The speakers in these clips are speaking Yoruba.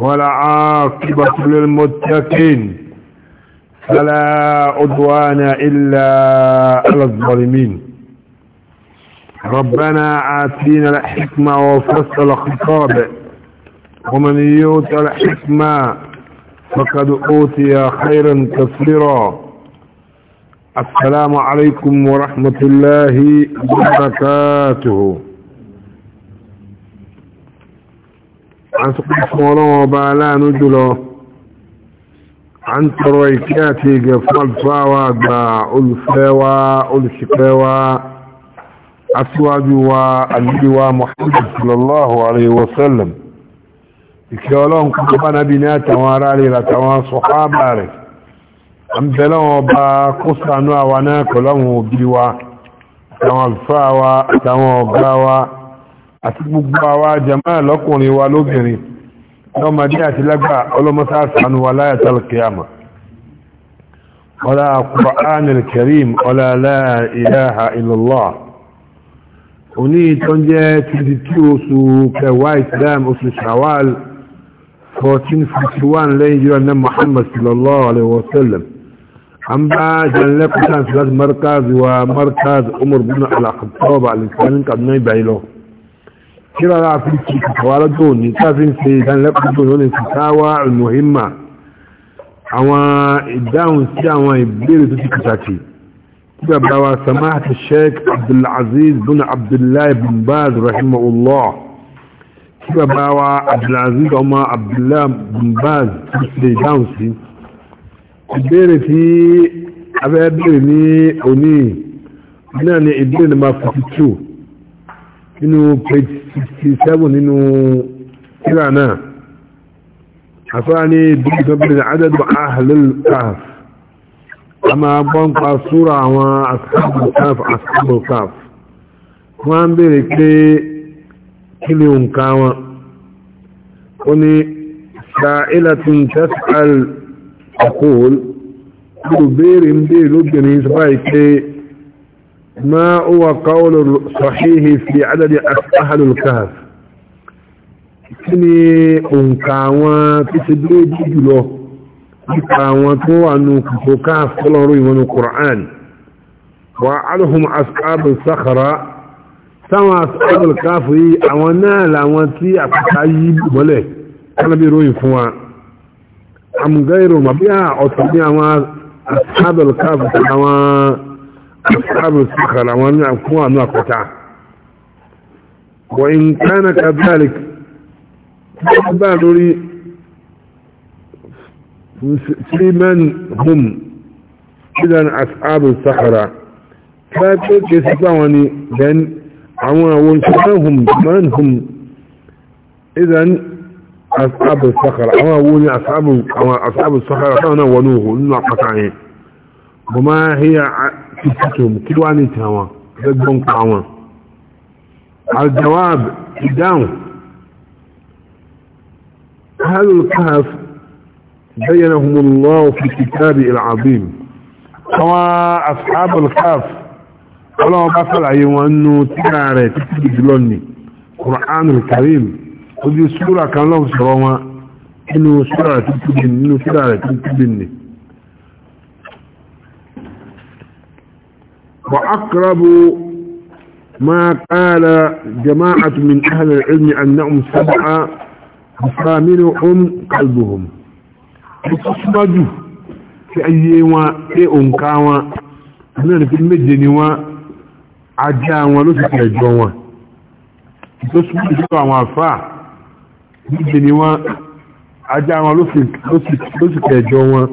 عاقبة للمتقين فلا عدوان إلا على الظالمين ربنا آتينا الحكمة وفصل الخطاب ومن يؤت الحكمة فقد أوتي خيرا كثيرا السلام عليكم ورحمة الله وبركاته àtúkọ́ fún ọlọ́wọ́ bá aláàánú jùlọ à ń tọrọ ìkẹ́ àti ìgẹ̀ fún àlùfáà wa àgbà olùfẹ́ wa olùṣìpẹ̀ wa aṣíwájú wa àlùfẹ́ wa Muhammad sallallahu alayhi wa sallam ìkẹ́ ọlọ́run kọ́kọ́ bá nábi ní àtàwọn ará rẹ̀ àtàwọn sọ̀hábà rẹ̀ àmbẹ̀lọ́wọ̀n ọba kó sànú àwa náà pẹ̀lú àwọn òbí wa àtàwọn àlùfáà wa àtàwọn ọ̀gá wa àti gbogbo àwa jama lọ́kùnrin wa lóbìnrin lọ́mọdé àti lágbà ọlọ́mọsáàsánú wa láyàtà alkiyama ọlá Qur'anil Karim ọlá la ilaha illallah oní tó jẹ́ 22 oṣù kẹwàá islam oṣù shawal 1441 lẹ́yìn jíra an bá jẹ́ lẹ́kùn sáàsì láti markaz wa markaz Umar bin al-Khattab alìsàníkà náà ìbáyìí lọ́wọ́ kira na afirki kàwàrá tó ní tàbí ṣe ìdánilẹ́kọ̀ọ́ tó ní fìtàwà al-muhimma àwọn ìdáhùn sí àwọn ìbéèrè tó ti pàtàkì tí bàbá wa samahata sheik abdulaziz bin abdullahi bin baz rahimahullah tí bàbá wa abdulaziz ọmọ abdullahi bin baz tó ti ìdáhùn sí ìbéèrè tí abẹ́ bèèrè ní òní náà ni ìbéèrè number 42 nínú page 67 nínú kíra náà àfáà ní bíkọ́bìnrin adadu ahlul kaf a máa gbọ́n pa súra àwọn ashabul kaf ashabul kaf wọ́n ń bèèrè pé kí ni òǹkà wọn ó ní sa'ilatun tas'al aqul olùbéèrè ń bèèrè lóbìnrin sọ báyìí ما هو قول صحيح في عدد أهل الكهف kíni òǹkà àwọn tí ṣe dúró jù jùlọ nípa àwọn tó wà ní kòkò káàf tọ́lọ́rọ̀ ìwọ̀nù Qur'an wà alhùn asáàbùn sáàkàrá sáwọn asáàbùn káàf yí àwọn náà làwọn tí àpàtà yí bọ́lẹ̀ kálábí ròyìn fún wa àmùgáìrò màbí ọ̀tọ̀ ní àwọn asáàbùn káàf àwọn أصحاب الصخر لعوان أكوان وقتع وإن كان كذلك فأبادوا في من هم إذا أصحاب الصخرة فأبادوا كسفاوني لأن عوان هم من هم إذا أصحاب الصخرة عوان وني أصحاب أصحاب الصخرة كانوا ونوه إنه قطعين وما هي كتبتهم كدواني تاوا بقبون قاوا الجواب إداو أهل الكهف بينهم الله في كتابه العظيم سواء أصحاب الكهف ولو بطل أيوانو تكاري تكتب جلوني قرآن الكريم ودي سورة كان لهم سروا إنه سورة تكتب إنه سورة تكتب إنه وأقرب ما قال جماعة من أهل العلم أنهم سبعة وثامنهم قلبهم ìtọ́síwájú tí ayé wọn tí òǹkà wọn náà ní pé méje ni wọ́n ajá wọn ló ti kẹjọ wọn ìtọ́síwájú tó àwọn àfà méje ni wọ́n ajá wọn ló ti kẹjọ wọn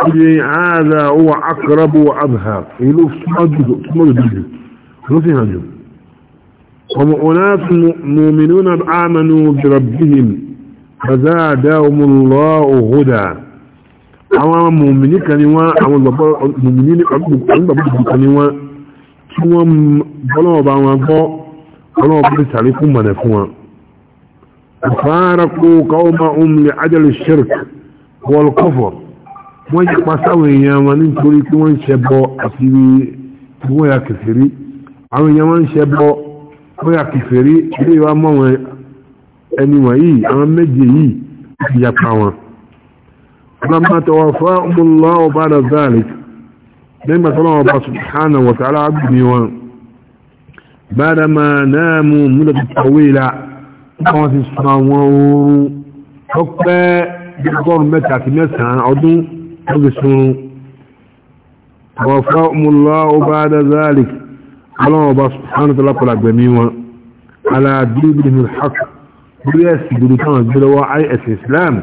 هذا هو اقرب واظهر إيه في يلوف صدق صدق صدق هذا هم اناس مؤمنون امنوا بربهم فزادهم الله هدى اما مؤمنين كانوا اما مؤمنين كانوا كانوا كانوا كانوا كانوا كانوا كانوا كانوا كانوا فارقوا قومهم لعدل الشرك والكفر wọ́n yapa sáwọn èèyàn wọn nítorí pé wọ́n ń ṣẹbọ àti bí wọ́n ya kèfèrí àwọn èèyàn wọ́n ń ṣẹbọ wọ́n ya kèfèrí ilé ìwà mọ́ wọn ẹni wọ̀nyí àwọn méje yìí ti yapa wọn. ọlọ́mọ tó wà fún ọmọlọ́ ọba rẹ̀ záàlì nígbà tó lọ́wọ́ bá subhanahu wa ta'ala àgbìmí wọn. bára náà mú múlò tó kọ̀wé la wọ́n ti sọ àwọn oorun tó pẹ́ bí ọgọ́rùn mẹ́ta àti mẹ́sàn-án ọdún ọgbẹ̀sùn wọ̀fá múlá ọba dáadáàlìk aláwọ̀bá sánàtàlá pàlàgbẹ̀mí wọn aláàdúgbìn hàk bí ẹ̀sì gbìdì kan gbìdọwọ́ is islam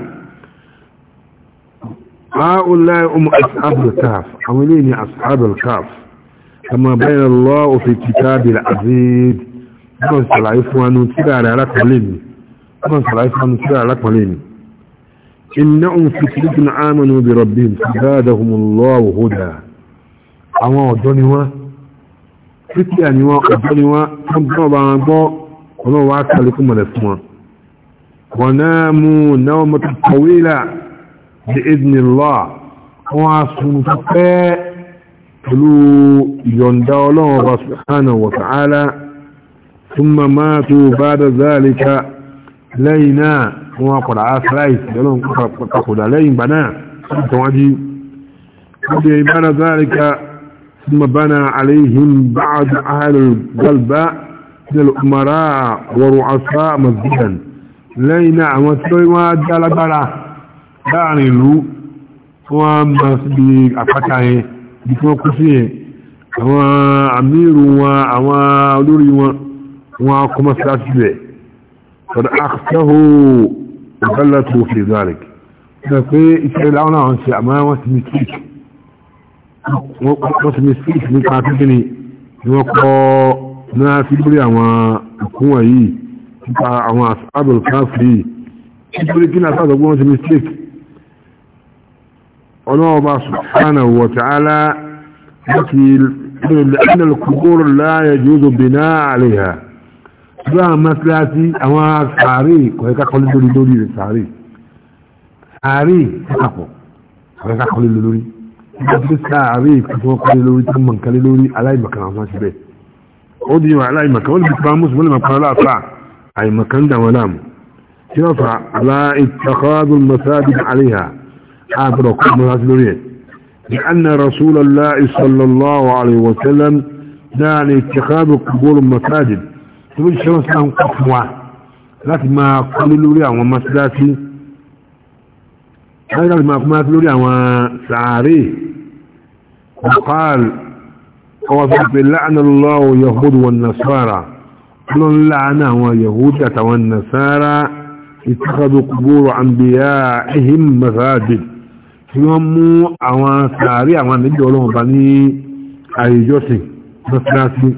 هؤلاء هم أصحاب الكهف عملين أصحاب الكهف كما بين الله في كتاب العزيز كما سلعيف وأنه تدعى لك مليم كما سلعيف وأنه تدعى لك مليم إنهم فتنة آمنوا بربهم فزادهم الله هدى àwọn ọ̀dọ́ ni wọ́n títí àní wọn ọ̀dọ́ ni wọ́n tó ń gbọ́ bá wọn gbọ́ ọlọ́run wá kàlẹ̀ fún mọ̀lẹ̀ fún wọn wọ́n náà mú náà mọ́tò sun tó pẹ́ pẹ̀lú ìyọ̀ǹda ọlọ́run subhanahu wa ta'ala thumma matu ba'da zalika lẹ́yìn wọn kọ̀dà áṣíláìsì lọ́lọ́n kọ̀dà lẹ́yìn gbaná tọ́wájú wọ́n yẹ ìbára záríká ثم بنى عليهم بعد أهل القلباء من الأمراء ورؤساء مسجدا lẹ́yìn náà àwọn tí wọ́n dá láàrin ìlú wọ́n ma وقلت في ذلك ففي العون عن سعماء وتمسيك وتمسيك لكاتبني وقو ما في بلي عما كوي عما أصحاب الكافري يقول لك إن أصحاب أقول تمسيك الله سبحانه وتعالى يقول لأن القبور لا يجوز بناء عليها láwọn mọ́síláàtí àwọn sàárè kọ̀ẹ́ká kọlé lórí lórí rẹ̀ sàárè sàárè àpọ̀ kọ̀ẹ́ká kọlé lórí ìgbàtí sàárè kọ̀ẹ́ká kọlé lórí tó mọ̀nkálé lórí aláìmọ̀kan àwọn ṣe bẹ́ẹ̀ ó di wà aláìmọ̀kan ó lè fi pamọ́ sí mọ́lẹ̀mọ̀ kan láàfà àìmọ̀kan dà wọn láàmú tí wọ́n fa aláìtàkọ́dún mọ́sáàdì àríhà àbúrọ̀ kọ́ mọ́sáàdì lórí ẹ̀ لأن رسول الله صلى الله عليه وسلم دعا لاتخاذ قبور المساجد tí wọ́n ṣe wọ́n sí àwọn kọ́ fún wa láti máa kọ́lé lórí àwọn mọ́síláṣí láti máa kọ́lé lórí àwọn sàárè ọ̀páàlì ọwọ́ fi pè la'anallahu yahudu wọn nasara lọ́n láàánà àwọn yahudu àtàwọn nasara ìtàkàdù kúgbòrò àmbìyà ihim masajid tí wọ́n mú àwọn sàárè àwọn àmì ọlọ́run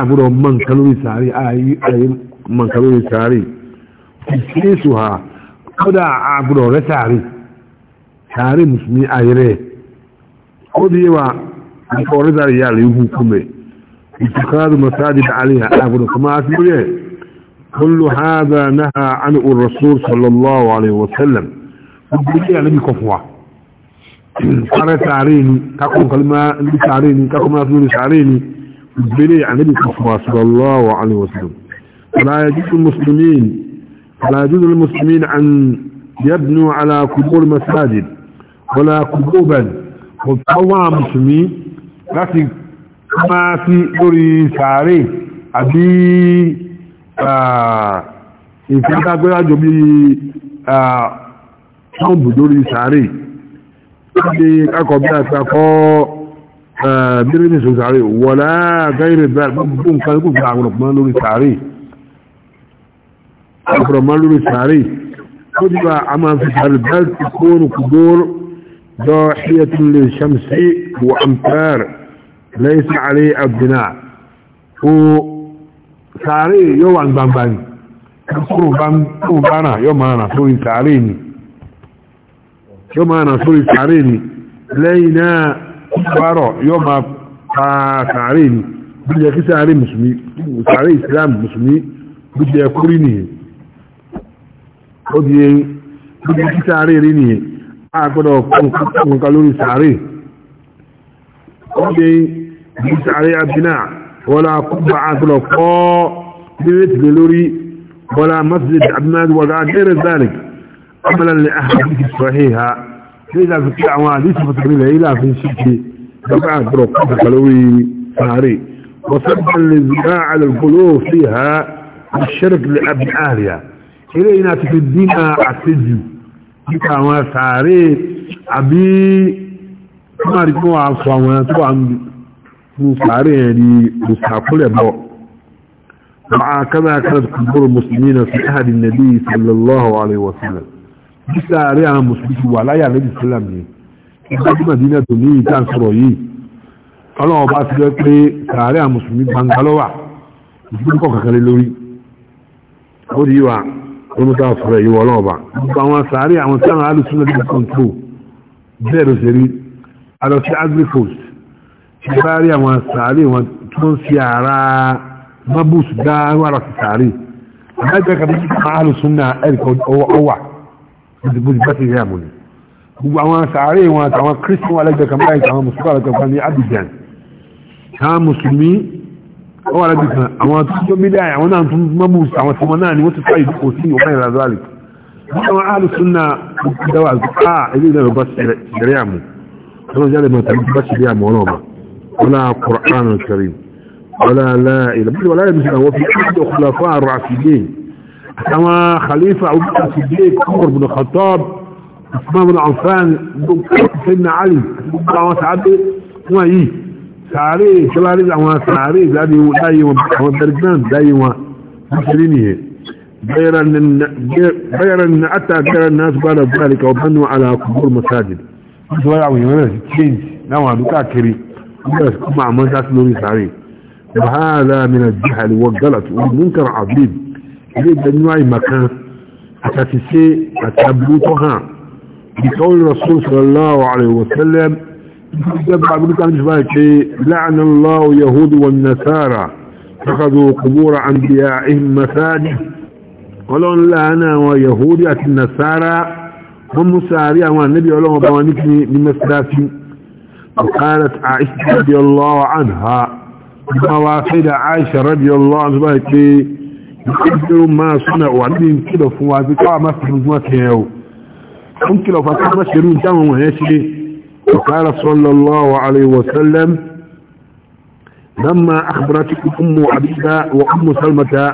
àgbọ́dọ̀ mọ̀ nǹkan lórí sàárì ààyè mọ̀ nǹkan lórí sàárì ìṣẹ́sù ha kọ́dà àgbọ́dọ̀ rẹ̀ sàárì sàárì mùsùlùmí ààyè rẹ̀ ó di yẹwà nǹkan ọ̀rẹ́ sàárì yà lè hu kúmẹ̀ ìtàkàrà masáàdì ààrẹ àgbọ́dọ̀ kọ́má sí lórí ẹ̀ كل هذا نهى عنه الرسول صلى الله عليه وسلم gbogbo yà lẹ́bi kọfùwà sáré sáré ni kákùn kalima ní sáré ni kákùn máa fi lórí sáré ni بلي عن ابي صلى الله عليه وسلم فلا يجوز المسلمين فلا يجوز للمسلمين أن يبنوا على قبور مساجد ولا قبوبا وطوع مسلمين لكن ما في دوري ساري أبي إنسان تقول أجو بي صنب دوري ساري أبي أكو بي أكو آه، ميرين يسوي تعريف ولا غير ذلك ممكن كان يقول في عقلك ما نوري تعريف أخرى ما في تعريف تكون قدور ضاحية للشمس وأمتار ليس عليه البناء وصاري بان عن بان كسر بامبانا يو مانا سوري تعريني يو مانا سوري تعريني لينا kúbárọ̀ yóò máa pa sàárè ni bí jẹ́ kí sàárè mùsùlùmí sàárè islam mùsùlùmí bí jẹ́ kúrí nìyẹn ó di bí jẹ́ kí sàárè rí nìyẹn a gbọ́dọ̀ kọ́nkà lórí sàárè ó di bí sàárè abiná wọ́la kúbà àtọ́lọ̀ kọ́ bíbélì lórí wọ́la masjid abinadi wọ́la gẹ́rẹ́ zalik amalan li ahadith sahiha إذا في أعوان يسفة منها إلا في شكي جماعة بروقات قلوي فهري وصبا للزماع على القلوب فيها الشرك لأبن أهلها إلينا تفدينا أعتجو كما واسعاري أبي كما رجموا على الصوامات وعن مصاري يعني مستعقل يبقى وعا كما كانت قبور المسلمين في أهل النبي صلى الله عليه وسلم bisa rẹ àwọn mùsùlùmí wà láyà lẹ́yìn sílẹ̀ mi ìgbà tí màdínà tó ní ìta sọ̀rọ̀ yìí ọlọ́wọ́ bá ti rẹ pé sàárẹ̀ àwọn mùsùlùmí gbangba lọ́wà ìdílé kọ̀ kankan lé lórí ó di wa olùkọ́ àfọ̀rọ̀ yìí wọ ọlọ́wọ́ bá gbogbo àwọn sàárẹ̀ àwọn sáwọn alùsùn lẹ́yìn kọ̀ǹtò bẹ́ẹ̀ ló ṣe rí alọ́sí agripost ti sàárẹ̀ àwọn sàárẹ̀ wọn tó ń fi ara mabus dá wàrà sí sàárẹ̀ àbájá bójúbójú bá ti rí àmú ni gbogbo àwọn sàárè wọn àtàwọn christian wà lẹ́gbẹ̀ẹ́ kan báyìí àwọn mùsùlùmí àlẹ́gbẹ̀ẹ́ kan ní Abidjan àwọn mùsùlùmí wọ́n wà lẹ́gbẹ̀ẹ́ kan àwọn tó tó bí dáa àwọn náà tún mọ́bù àwọn tí wọ́n náà ni wọ́n ti fáyì kò sí ọ̀kan ìlà zọ́ọ̀lì àwọn alùsùnà dáwà zùkà ilé ìlànà bá ṣẹ̀rẹ̀ كما خليفة عبدالله صديق عمر بن الخطاب اسمام العنفان سيدنا علي وما سعدي وما ايه سعري شبا رجع وما سعري زادي ودايما ودرجان دايما مسلينيه غير ان اتى غير الناس قال ذلك وبنوا على قبور مساجد مثل يعوي ماذا تشينج نوع بكاكري بس كما عمان تاس نوري سعري وهذا من الجهل والغلط والمنكر عظيم ilé ìgbẹ̀nú àìmọ̀kan àtàfiṣe àti àbúrú tó hàn ìkọ́wé rasul sallallahu alaihi wasallam ìjọba amurka ní ṣùgbọ́n pé láàánà lọ́wọ́ yahudu wọn nasara takazo kubura an biya ihim masadi ọlọ́run láàánà àwọn yahudu àti nasara wọn mú sàárì àwọn annabi ọlọ́run bá wọn ní kí ní masarafi وقالت عائشة رضي الله عنها ما وافد عائشة رضي الله عنها يبدو ما صنعوا عندهم كده فهو عزيزة ما فرزوا كهو هم كده فاتح ما شيرون جامعهم هاشي وقال صلى الله عليه وسلم لما أخبرت أم عبيدة وأم سلمة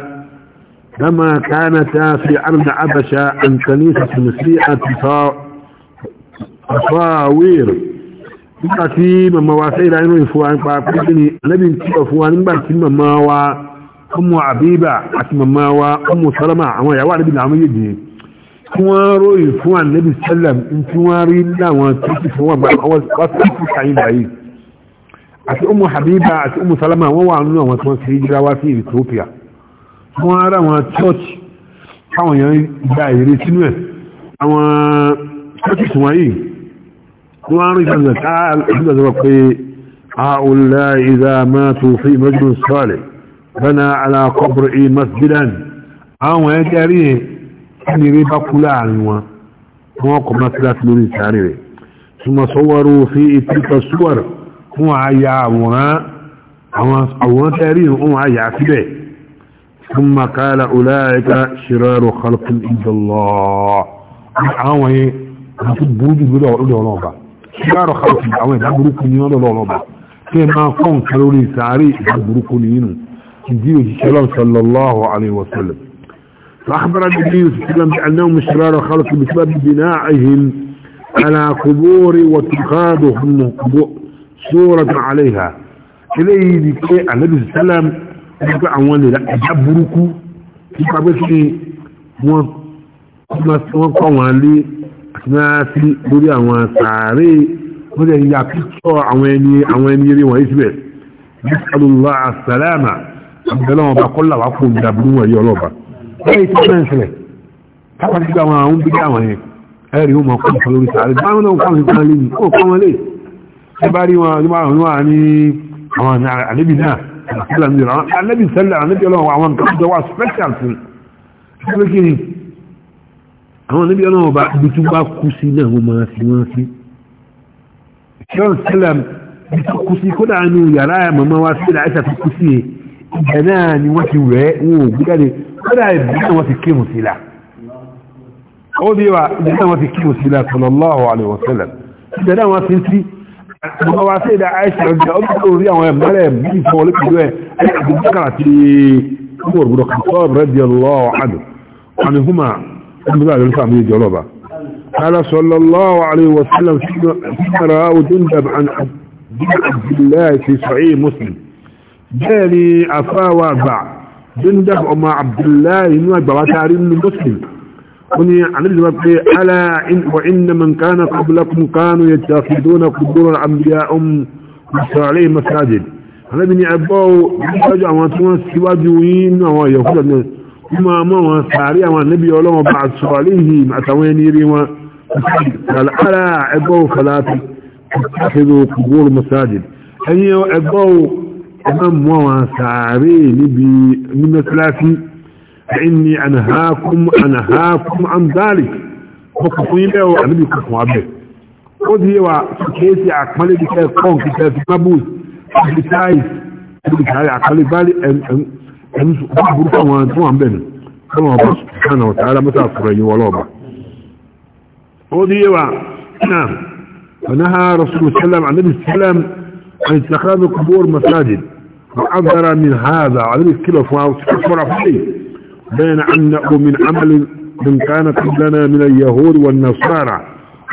لما كانت في أرض عبشة عن كنيسة مسيحة تصاوير تصاوير تصاوير مواسيلة عينو يفوان بقى كيما نبين كيما فوان بقى كيما مواسيلة ọmọ àbíbà àti màmá wa ọmọ sọ́lọ́mà àwọn ìyàwó àdébì làwọn méjèèjì tí wọ́n ròyìn fún ànẹ́bì sẹ́lẹ̀m tí wọ́n rí láwọn tó sì fún wọn wọ́n sì fún kàyín báyìí àti ọmọ àbíbà àti ọmọ sọ́lọ́mà wọ́n wà nínú àwọn tí wọ́n ti jíra wá sí Ethiopia wọ́n ara àwọn church táwọn èèyàn gba èrè sínú ẹ̀ àwọn churches wọ̀nyí wọ́n rí ìgbàgbọ́ pé àhùlá ìzà tó fi ìmọ̀jú sọ́ọ̀lẹ̀ بنى على قبر اي مسجدا او يجري يعني ريبا كلا عنوا هو قبر مسجد فلوري تاريبه ثم صوروا في تلك الصور هو عيا عمونا هو صور تاريبه هو عيا عفبه ثم قال اولئك شرار خلق عند الله هو يبوج بلا اولو نوبا شرار خلق هو يبوج بلا اولو نوبا كما كون كلوري تاريخ يبوج جديد السلام صلى الله عليه وسلم فأخبر النبي صلى الله عليه وسلم بأنهم الشرار خلقوا بسبب بنائهم على قبور واتخاذهم صورة عليها إليه ذكي النبي صلى الله عليه وسلم يقول أولي لا أجبركو يقول بسي wọ́n kọ́ لي lé في lórí àwọn sàárè wọ́n lè yà píkọ́ àwọn ẹni rí wọ̀nyí àbẹ̀lẹ̀ wọn bá kọ́lá wà fún ìdàbí wọn yọ lọ́ba lẹ́yìn tí wọ́n ń ṣẹlẹ̀ kápá sí àwọn àwọn bí àwọn yẹn ẹ̀rí wọn kọ́ ìfọ́ lórí sàárẹ̀ báwọn náà kọ́ àwọn ìfọ́n lé ní kó kọ́ wọn lé ẹ bá rí wọn àwọn wọn ní àwọn àlébì náà àlébì sẹ́lẹ̀ àlébì sẹ́lẹ̀ àlébì ọlọ́wọ́ àwọn nǹkan tó wà special fún ṣẹlẹ̀ kí ni àwọn àlébì ọlọ́wọ́ bá ibi tó bá kú sí náà wọ́n máa fi wọ́n sí ṣẹlẹ̀ ibi tó kú sí kódà nínú yàrá wa sílẹ̀ àìsà tó kú sí ibẹ̀ náà ni wọ́n ti rẹ̀ wọn ò gbígbàdé kódà ibẹ̀ náà wọ́n ti kírun sí la ó bí wa ibẹ̀ náà wọ́n ti kírun sí la sallallahu alaihi wasallam ibẹ̀ náà wọ́n ti ń sí ọmọ wa sí ìdá àìsàn قال صلى الله عليه وسلم فيما رآه جندب عن عبد الله في صحيح مسلم bẹ́ẹ̀ni afáwà àgbà jindab ọmọ abdullahi inú àgbà wátàrí inú muslim kuni annabi zama pe ala in wa inna man kana qablakum kanu yattafiduna qubur anbiya um musali masajid annabi ni abo saju àwọn tí wọ́n ṣíwájú yín àwọn yahuda ni kuma ma wọ́n sari àwọn annabi Ọlọ́run ba salihi àtàwọn ẹni rí wọn kal ala abo falati tafidu qubur masajid ẹni abo امام موا سعاريني بمن ثلاثي فاني انهاكم انهاكم عن ذلك فكفوا يلو عملي كفوا عبد قد يوا كيسي اكمالي بكي كون كي تابوز بكي تاي اكمالي بالي ام ام ام ام ام ام ام ام ام ام ام ام ام سبحانه وتعالى متى سوري ولوبا قد يوا نعم فنهى رسول الله صلى الله عليه وسلم عن اتخاذ القبور مساجد وعبر من هذا عدد الكلفة وتكفر فيه بين أنه من عمل من كانت لنا من اليهود والنصارى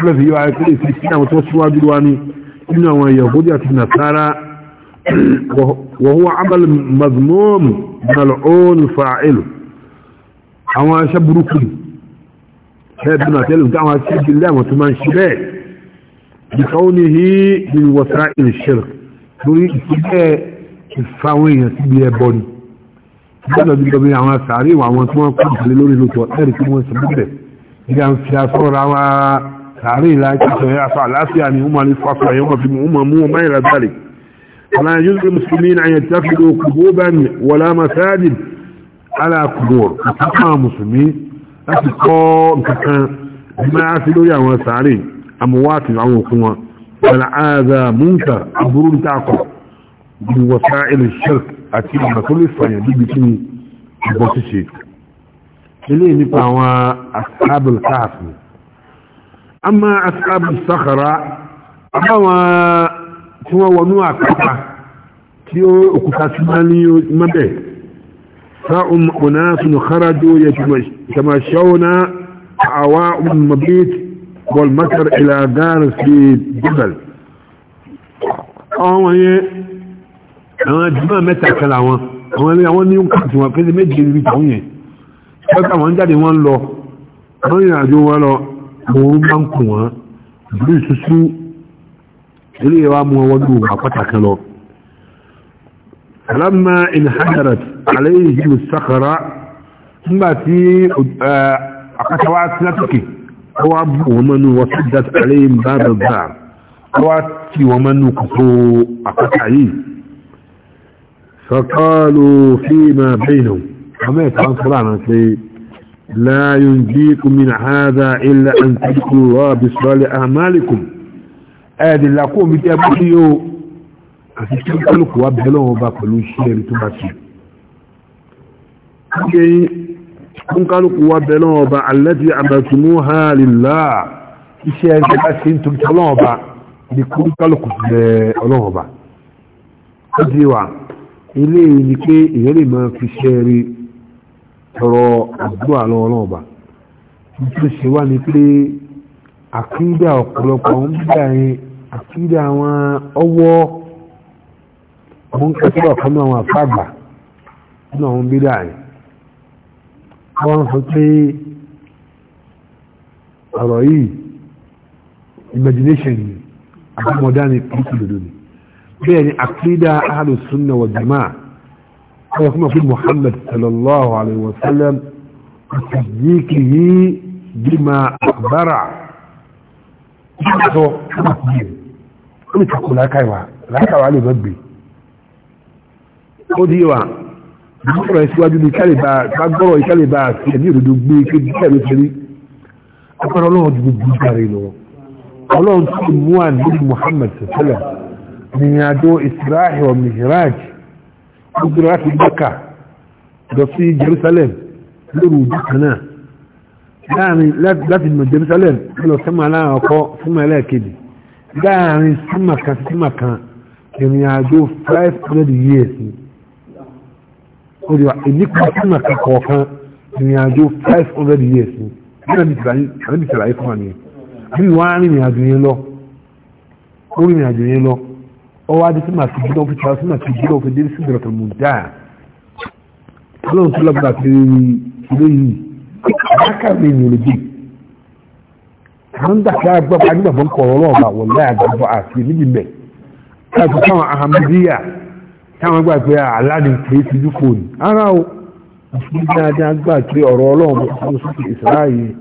الذي يعاكل في السلام وتوسوا جلواني إنه يهود النصارى وهو عمل مذموم ملعون فاعل أما شبركم ما تلم دعوة سيد الله وتمان شباك بكونه من وسائل الشرك تريد إيه ìfáwọn èèyàn síbi ẹbọ ni gbọ́dọ̀ bí lọ́bí àwọn sàárè wà wọn tí wọ́n kọ́ ìdílé lórí lóòtọ́ ẹ̀rì tí wọ́n sọ̀rọ̀ bẹ̀ ìyá ń fi aṣọ ra wa sàárè láìpẹ́ aṣọ àlàáfíà ni wọ́n máa ní fàfà yẹn wọ́n fi mú wọn mú wọn máa yẹra dárè ọ̀nà yóò fi mùsùlùmí náà yẹn tí a fi lóò kúgbó bá mi wọlá masáàdì alákùnbọ̀rọ̀ àtàkùn mùsùlùmí láti kọ́ nǹkan máa fi lórí àwọn sàárè àmúwá àti àwọn òkú wọn wọlá بوسائل الشرك àti ọ̀nà tó lè fàyàn níbi kí ni ìbọn ṣíṣe eléyìí nípa àwọn asábìl káàfì ama asábìl sàkàrà àbáwọn tí wọ́n wọnú àkàtà tí ó òkúta sí máa ní mẹ́bẹ̀ sáàùn ọ̀nà sínú kárájó yẹ tàmàṣáwọ́nà àwa mabit wọlmatar ìlàgáàrẹ̀ sí jẹ́bẹ̀l àwọn yẹn àwọn jùmọ̀ mẹ́ta kẹla wọn àwọn ẹlẹ́yà wọ́n ní kàtí wọn pẹ́lẹ́ méje rí tàwọn yẹn pẹ́ta wọn jáde wọn lọ wọ́n rìn àjò wọn lọ òun bá ń kù wọn ìlú ìsúsú ilé wa mú ọwọ́ ní òun àpáta kan lọ alamma in hajjarat alayhi nígbà tí àpáta wa ti wá bù wọn mọ́nu wọ́n sọ́jà alayhi bá bàbá wọ́n wá tì wọn mọ́nu kòkó àpáta yìí فقالوا فيما بينهم حميت عن يتعنصرنا لا ينجيكم من هذا إلا أن تذكروا الله بصالح أعمالكم أهد الله قوم بتابعيو أتشكلك وابهلوه باقلوا الشير تباتي أوكي أن قالوا وابهلوه با التي لله الشير تباتي انتم تلوه با لكم قالوا الله با أدريوا ilé ni pé èyàn lè máa fi ṣe rí tọrọ àdúrà lọ́wọ́ náà bá tó ṣe wá ni pé àkíndà ọ̀pọ̀lọpọ̀ àwọn bíbá yẹn àkídà àwọn ọwọ́ àwọn kẹsìlẹ̀ ọ̀kan náà àwọn àfàgbà nínú àwọn bíbá yẹn wọ́n بين عقيدة أهل السنة والجماعة ويقوم في محمد صلى الله عليه وسلم وتصديقه بما أخبر أمي تقول لك أيوة لك وعلي ربي ó díwà ọ̀rọ̀ ìsíwájú ní kágbọ́rọ̀ ìkálẹ̀bà àti ẹ̀mí òdòdó gbé kéjì kẹ́rì fẹ́rí agbára ọlọ́run ti gbogbo ìgbà rẹ̀ lọ ọlọ́run ti mú àníbi Muhammad sẹ́lẹ̀ ìrìn àjò israhi wa mihraj gbogbo láti Mẹ́kà lọ sí Jerusalem lórí ojú kan náà láàrin láti mọ̀ Jerusalem lọ sẹ́mà láàrin ọkọ̀ sẹ́mà ẹlẹ́ẹ̀kejì láàrin sẹ́mà kan sí sẹ́mà kan ìrìn àjò years ni ó di wa ìnípa sẹ́mà 500 kọ̀ọ̀kan ìrìn àjò five hundred years ni bí wọ́n á rìn ìrìn àjò yẹn lọ ó rìn ìrìn àjò yẹn lọ ọwọ́ adé tí màá fi jí náà fi tàwọn sí màá fi jí náà fi dé sí ìdọ̀tọ̀ mú dáa ọlọ́run tó lọ́gbà fi ilé yìí àbáká mi ní olè bí àwọn dàkẹ́ agbábọ́ agbábọ́ ń kọ̀ọ̀rọ̀ ọ̀bà wọ̀ láyà àgbàbọ̀ àti níbi mẹ́ láti táwọn ahamadiya táwọn gbà pé aláàdì pé fojú fòònù ara o mùsùlùmí dáadáa gbà pé ọ̀rọ̀ ọlọ́run mọ̀ fún sókè ìsirá yìí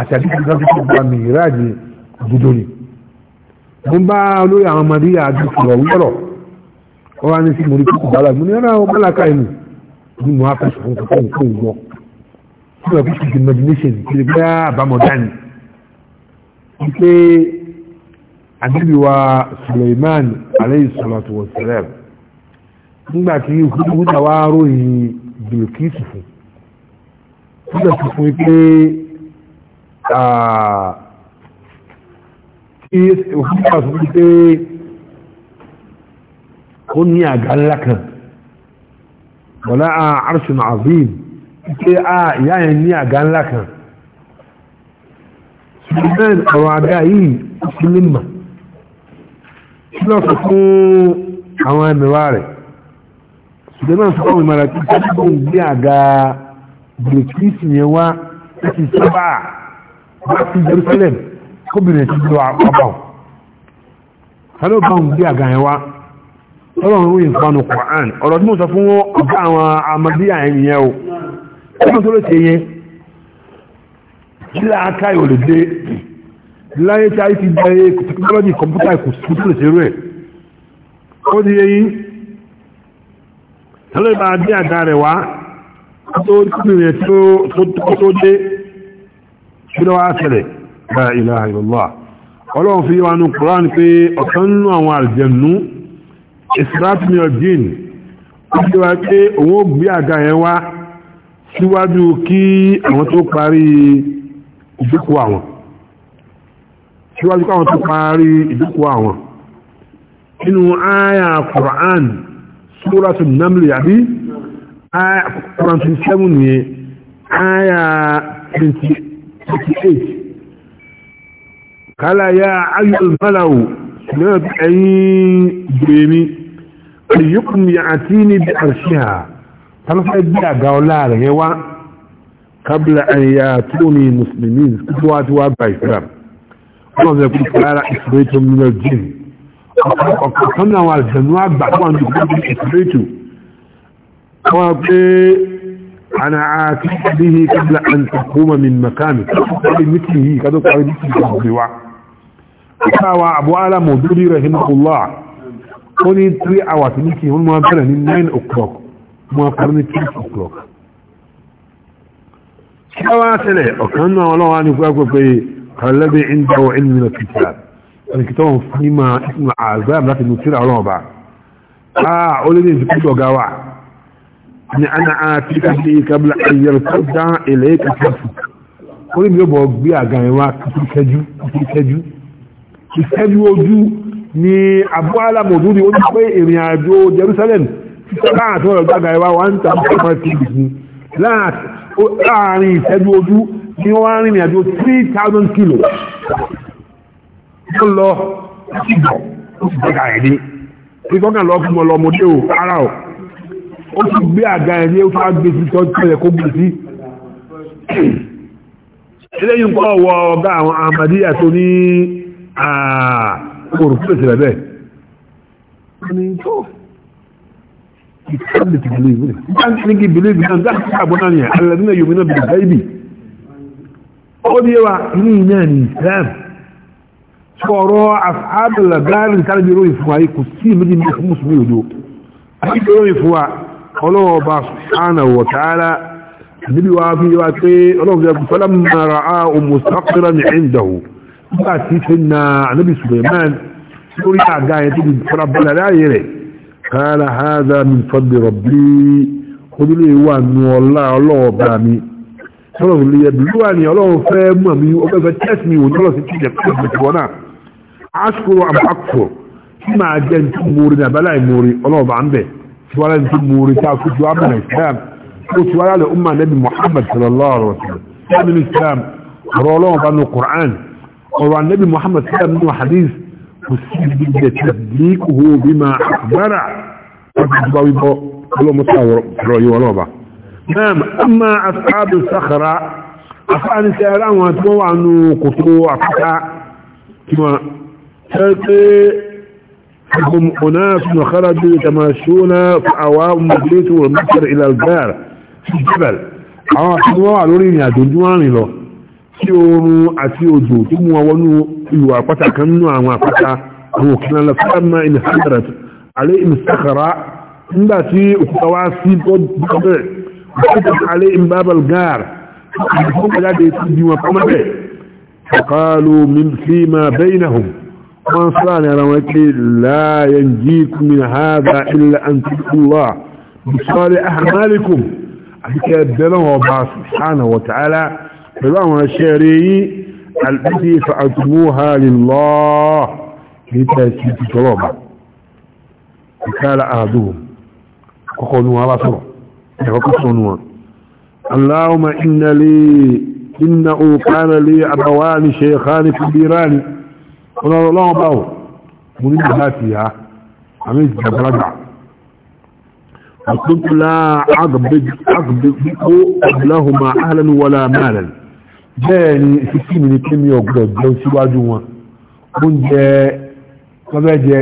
àtàdé tó dájú tó gba mìíràn yìí òdodo ni mo bá olórí àwọn ọmọdé àti ìfọ̀rọ̀ wúrọ̀ ó wá ní sí mo rí kókò bá láì mo ní ọ̀rọ̀ ọmọ làkà ẹ̀mù ní mo á fẹsẹ̀ fún kókò nǹkan ìwọ tí wọ́n fi ṣùgbọ́n imagination kí lè gbé àbámọ̀dá ni wípé àdébí Suleiman aleyhi salatu wa salam nígbà tí húdà wá ròyìn Bilkisu fún húdà fún ah, òfúnpá fún mi pé ó ní àga ńlá kan wọ́lá àrùsùn àbíyìn pé a ìyá yẹn ní àga ńlá kan ṣùgbọ́n ọ̀rọ̀ àga yìí ó fi lè mà kí lọ́ sọ fún àwọn ẹ̀mẹ̀wá rẹ̀ ṣùgbọ́n sọ fún ìmọ̀ràn kí ó gbé àga bìrìkìtì yẹn wá láti sábà láti Jerusalem kóbìnrin ti lọ àpapọ̀ sáré bá ń gbé àgà ẹwà ọlọ́run ròyìn panu Quran ọ̀rọ̀ tí mo sọ fún ọgá àwọn amadíyà ẹ̀yẹ o ọdún tó lè ṣe yẹn sílá aká yóò lè dé láyé tí a ti gba ẹ technology kọ̀mpútà kò sí tó lè ṣe rẹ̀ ó ti yẹ yín sáré bá dé àgà rẹ̀ wá tó kóbìnrin tó dé kí ló wá ṣẹlẹ̀ la ilaha illallah ọlọ́run fi wánú kùránì pé ọ̀kan nínú àwọn àjẹ̀nú israfimil jin ó fi wá pé òun ó gbé àga yẹn wá síwájú kí àwọn tó parí ìdúkù àwọn síwájú káwọn tó parí ìdúkù àwọn nínú àyà kùránì súrátù namli àbí kùránì 27 ni àyà 28 kala ya ayyul malawu na ayi gbemi ayyukun ya atini bi arshiha talfa biya ga wala da yawa kabla an ya tuni muslimin kuwa tuwa ba islam kuma zai kuma kara isbaitu min aljin ọkọ̀kọ̀kọ̀nà wà jẹ̀núwà gbà wọn ní gbogbo ìsìlẹ̀tù wọ́n pé ana àkíkà bí kabla an takoma min makami kọ́kọ́ kọ́kọ́ mítì yìí kọ́kọ́ kọ́kọ́ mítì yìí ìtawà Abu Ala Maududi rahimahullah ó ní 3 hours ní kí wọ́n máa bẹ̀rẹ̀ ní 9 o'clock máa parí ní 6 o'clock kí wá tẹ́lẹ̀ ọ̀kan náà ọlọ́wà ní pẹ́pẹ́ pé kàlẹ́bí ìdáwọ̀ ìlú nínú pìtà ẹni kìtọ́ wọn fún ìmọ̀ ìmọ̀ àzáàbù láti mú tíra ọlọ́ọ̀bá ah ó lé ní ìsìnkú ni ana a ti ka fi kabla ayyar kọjá ilẹ̀ kàtàkù ó ní bí bọ̀ gbé àgàrin wa ìfẹ́jú ojú ni abu alamodu ni ó ti pé ìrìn Jerusalem láàrin ọ̀rọ̀ gbàgbà ẹwà ni wọ́n rìn ìrìn three thousand kilo wọ́n lọ sí bọ̀ ó sì gbẹ́gà ẹ̀ dé pé kọ́kàn lọ fún ọlọ́mọdé o ara o ó sì gbé àga ẹ̀ ní ó fà gbé sí tọ́jú kó gbé sí eléyìí kọ́ wọ ọ̀gá àwọn Ahmadiyya tó ní òrùkúrò ah, sílẹ̀ bẹ́ẹ̀ ẹni tó ìkàlẹ̀ ti bìlìbì ní kí bìlìbì náà dáàkì àbọ̀ náà yẹn alẹ́dún náà yòmínà bìlì báyìí ó bí wa ní iná ní islam sọ̀rọ̀ àfáàbìlà gáàrin tàbí ròyìn fún ayé kò sí ìmìdí ní ẹkùn mùsùlùmí òdó àti ròyìn fún wa ọlọ́wọ́ bá sùhánà wọ̀ tààrà níbi wa fi wa pé ọlọ́wọ́ nígbà tí ṣe na ànábì suleiman lórí àga yẹn tó di farabalẹ̀ láàyè rẹ̀ kára hádà mi fọ́dẹ̀ rọ̀bí onílé wà nù ọlá ọlọ́ọ̀bá mi sọ́rọ̀ mi lè bìlúwà ní ọlọ́run fẹ́ mú àmì ọgbẹ́ fẹ́ tẹ́sí mi òní ọlọ́sí tí ìjẹ̀kọ́ ìgbẹ̀kọ́ náà aṣkúrò àbákùrò tí máa jẹ́ ní tí mo rí ní àbálá ìmòrí ọlọ́ọ̀bá ń bẹ̀ tí wọ́n ní tí mo rí tá a kú tí wọ́n islam tó tí wọ́n rálẹ̀ umma nabi muhammad sallallahu alaihi wa sallam ọ̀rọ̀ ọlọ́run bá وهو النبي محمد صلى الله عليه وسلم حديث مسيب تدليكه بما أخبر كله نعم أما أصحاب الصخرة أفعل سيران واتبوا عنه قطوع فتاة كما تلقي أناس وخرجوا يتماشون فأواهم مجلسوا المصر إلى الجار في الجبل أعطوا آه، على الورين يا دنجواني له tí oòrùn àti òjò tó mú wọn wọnú ìlú àpáta kan nínú àwọn àpáta àwọn òkè náà lọ́fẹ́ àmà ilẹ̀ hamdarat alẹ́ ìmìsàkàrà nígbà tí òkúta wá sí tó bẹ̀rẹ̀ òkúta alẹ́ ìmbábal gaar ìdíkún kọjá dé sí bí wọn kọ́mọ́ bẹ̀ fọ́kálù fíìmà bẹ́ẹ̀nahùn wọn sọ́rọ̀ ní ara wọn pé láyé jíkùn min hádà ilẹ̀ àǹtíkùlá bisọ́lẹ̀ ahàmálìkùn àti kẹ́ bẹ́lẹ̀ wọn bá subhanahu wa ta'ala فلما الشعري التي فأتموها لله لتأكيد طلبة وكال أهدهم وقالوا على صلاة وقصوا اللهم إن لي إنه كان لي أبوان شيخان كبيران الإيران قال الله أبو من الهاتية عميز جبرجع وكنت لا أقبض أقبض لهما أهلا ولا مالا bẹ́ẹ̀ ni ìfisí mi ni pé mi ọ̀gbọ̀dọ̀ jẹun síwájú wọn oúnjẹ lọ́bẹ̀jẹ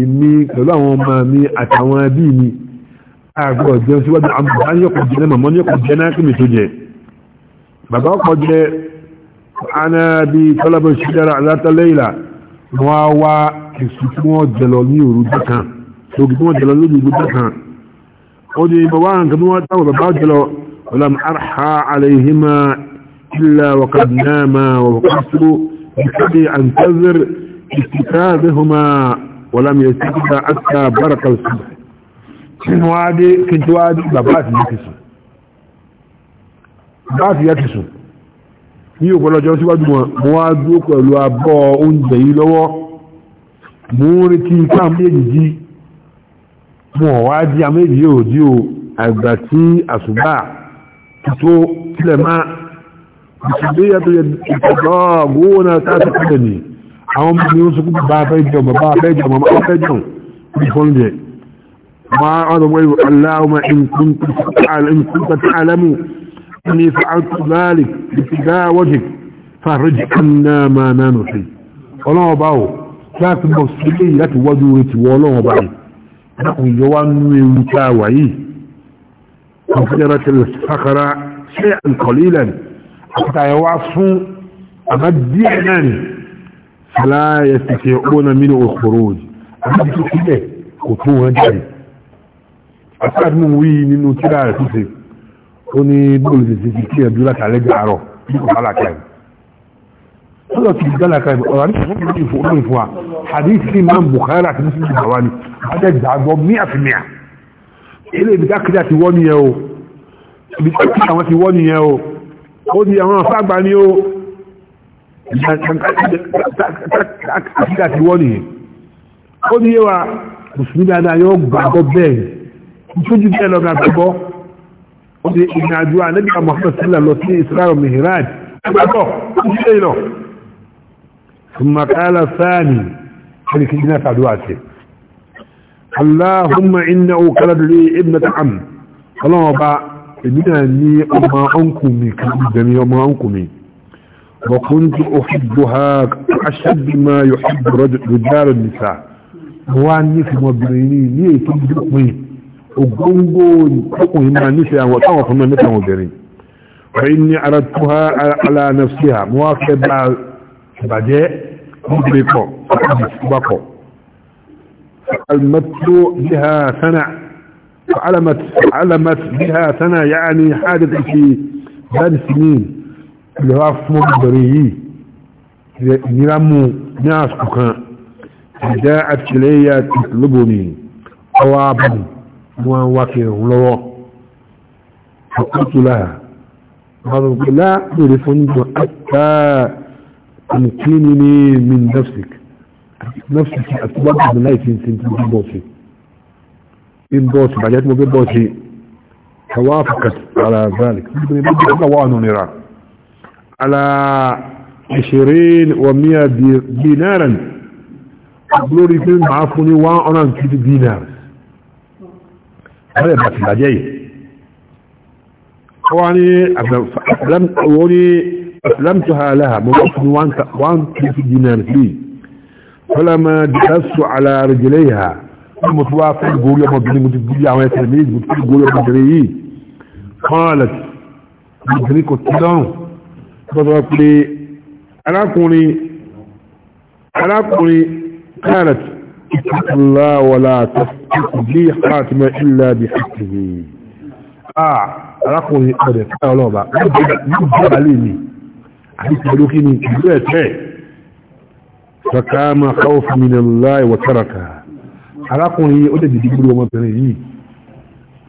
èmi pẹ̀lú àwọn ọmọ mi àtàwọn ẹbí mi àgbọ̀ jẹun síwájú àbúrò yọkọ̀ jẹ náà màmá yọkọ̀ jẹ náà kí mi tó jẹ bàbá ọkọ̀ jẹ ana bí tọ́lábọ̀ ṣídára alátọ́lẹ́yìnlá wọ́n á wá èsù tí wọ́n jẹ lọ ní òru dẹ́kan lókè tí wọ́n jẹ lọ lójú ìlú dẹ́kan ó di bàbá nǹkan tí wọ́n táwọn bàbá jẹ lọ ọ̀làm arha alayhima إلا وقد ناما وقصوا بسبب أن تذر اكتتابهما ولم يستطع حتى برق الصبح كنت وادي كنت وادي بابات يكسو بابات يكسو ní ọ̀pọ̀lọpọ̀ sí wájú mọ́ wá dúró pẹ̀lú abọ́ oúnjẹ yìí lọ́wọ́ mú ń retí ká méjì jí mọ́ wá jí àméjì yóò dí o àgbà tí àṣùgbà tó tilẹ̀ máa ìṣẹ̀lẹ̀ ìtọ́gbọ́n tàbí kọ́dẹ̀ni àwọn ọmọdé ó sọkú bá fẹ́jọ bàbá fẹ́jọ màmá fẹ́jọ ìfọ́njẹ ma ọdọ̀gbọ́ ìwọ̀ aláwọ̀má ìkúntà tí alamu ní fa'altu zalik bíkí gáwọ́jì fàrẹ́jì kanna ma nánú sí ọlọ́wọ́ báwọ̀ láti bọ̀ sílé láti wọ́jú rẹ̀ ti wọ́ ọlọ́wọ́ báyìí lákùn yọ wá nú ewu táwà yìí àpótá yẹn wá fún àmọ́ díẹ̀ náà ni fàlá yẹ ti fi ó na mí ní òkòrò òjì àbí tó sílẹ̀ kò tó wọn jáde àtàrí mú wí nínú tíra rẹ̀ tó ṣe ó ní bóòlù ti ti kí ẹ̀dú láti alẹ́ gàárọ̀ ní kò bálà káyì sọ́dọ̀ ti gbálà káyì ọ̀rọ̀ ní ìfún ìfún ìfún fún wa hadith imam bukhari àti muslim ti bàwá ni adé gbàgbọ́ mí àti mí ilé ibi dákìdá ti wọ́ nìyẹn o o ó di àwọn afágbà ní ó àkíkà ti wọ́n nìyẹn ó ní yíwa mùsùlùmí dáadáa yóò gbàgbọ́ bẹ́ẹ̀ ìṣojú bẹ́ẹ̀ lọ́nà àgbàgbọ́ ó di ìrìn àjò ànábìyà Muhammad sílẹ̀ lọ sí israel mihraj àgbàgbọ́ ó ṣe lọ sùmàkàlà sáàni ẹni kìí náà tàdúrà sí Allahumma inna ó ibn ta'am ọlọ́wọ́ bá èmi náà ní ọmọ ọ̀nkù mi kan ìbẹ̀rẹ̀ ọmọ ọ̀nkù mi وكنت أحبها أشد ما يحب رجال النساء واني في مبريني ليه تجدقني وقنقوني تقوي ما نساء وطوف ما نساء مبرين فإني أردتها على نفسها مواقب بعداء مبريكو وبقو فالمتلو بها سنع علمت علمت بها سنة يعني حادث في ثلاث سنين اللي هو اسمه بريي يرموا ناس كان جاءت إلي تطلبني قوابا وواكر ولو فقلت لها قالت لا تعرفني حتى تمكنني من نفسك نفسك أتبقى من لا يتنسي تنسي in bọ́ọ̀sì bàjẹ́ tí mo gbé bọ́ọ̀sì tawafakat ala zalik nítorí bí i kọ́kọ́ wà nù nira ala ishirin wa miya dinaran lórí pé màá fún ní one hundred and fifty dinars bẹ́ẹ̀ bàtì bàjẹ́ yìí wọ́n ní wọ́n ní أسلمتها لها موقف 150 دينار فيه فلما جلست على رجليها bí mo fi wá fẹ́ gorí ọmọbìnrin mo ti gorí àwọn ẹsẹ̀ méjì mo ti fi gorí ọmọbìnrin yìí kọ́ọ̀lẹ̀ obìnrin kò tí lọ́rùn bọ́sọ̀ pé arákùnrin arákùnrin kọ́ọ̀lẹ̀ ìtàkùnlá wọlá àtàkùn bí àtìmọ̀ ìlà bí àtìmọ̀ arákùnrin ọ̀dẹ̀ fẹ́ yóò jẹ́ balẹ̀ mi àti ìpẹ̀lú kí ni ìlú ẹ̀tẹ́ فكان خوف من الله وتركها arákùnrin yìí ó dẹ̀ dìdí gbúrú ọmọbìnrin yìí